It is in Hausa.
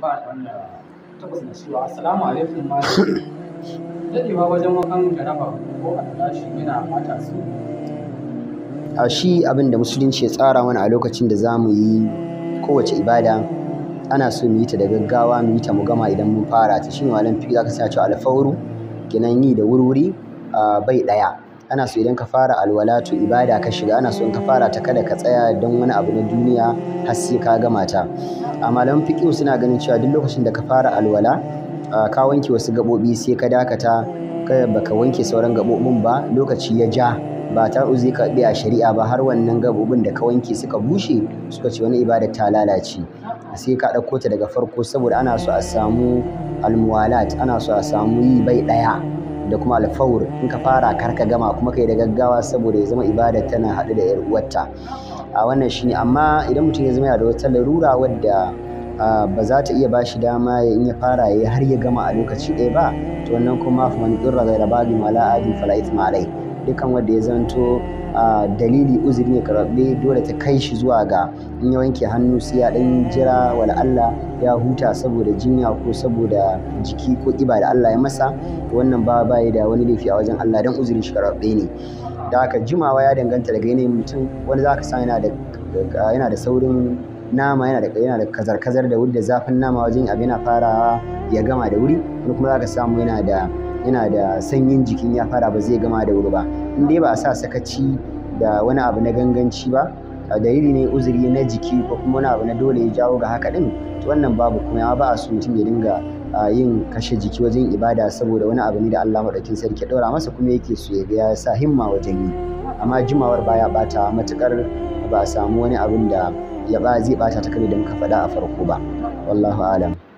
a yana mata abin da musulunci ya tsara mana a lokacin da za mu yi kowace ibada ana so mu yi ta da gaggawa mu yi ta mu gama idan mun fara ta shine malam fi ka sa cewa alfauru kenan yi da wurwuri bai daya ana so idan ka fara alwala to ibada ka shiga ana so in ka fara ta kada ka tsaya don wani abu na duniya har sai ka gama ta a malaman fiqh suna ganin cewa duk lokacin da ka fara alwala ka wanke wasu gabobi sai ka dakata baka wanke sauran gabobin ba lokaci ya ja ba ta uzi ka a shari'a ba har wannan gabobin da ka wanke suka bushe suka ce wani ibada ta lalace sai ka ɗauko ta daga farko saboda ana so a samu almuwalat ana so a samu yi bai ɗaya da kuma alfawur in ka fara kar ka gama kuma ka yi da gaggawa saboda ya zama ibada tana haɗu da 'yar uwarta a wannan shine amma idan mutum ya zama yana da wata larura wadda ba za ta iya ba shi dama ya in ya fara ya har ya gama a lokaci ɗaya ba to wannan kuma fa man durra ghaira bagin wala adin fala ithma dukkan wanda ya zanto dalili uzuri ne karɓe dole ta kai shi zuwa ga in ya wanke hannu sai ya dan jira wala Allah ya huta saboda jinya ko saboda jiki ko kiba da Allah ya masa wannan ba ba da wani laifi a wajen Allah dan uzuri shi karɓe ne da haka jimawa ya danganta daga yanayin mutum wani za ka yana da yana da saurin nama yana da yana da kazar-kazar da wuri da zafin nama wajen abin yana farawa ya gama da wuri wani kuma za ka samu yana da yana da sanyin jikin ya fara ba zai gama da wuri ba in dai ba a sa sakaci da wani abu na ganganci ba a dalili ne uzuri na jiki ko kuma wani abu na dole ya jawo ga haka din to wannan babu kuma ba a so mutum ya dinga yin kashe jiki wajen ibada saboda wani abu ne da Allah madaukin sarki ɗaura masa kuma yake so ya ga ya sa himma wajen yi amma jimawar baya bata matukar ba a samu wani abin da ya ba zai bata ta kare da muka faɗa a farko ba wallahu alam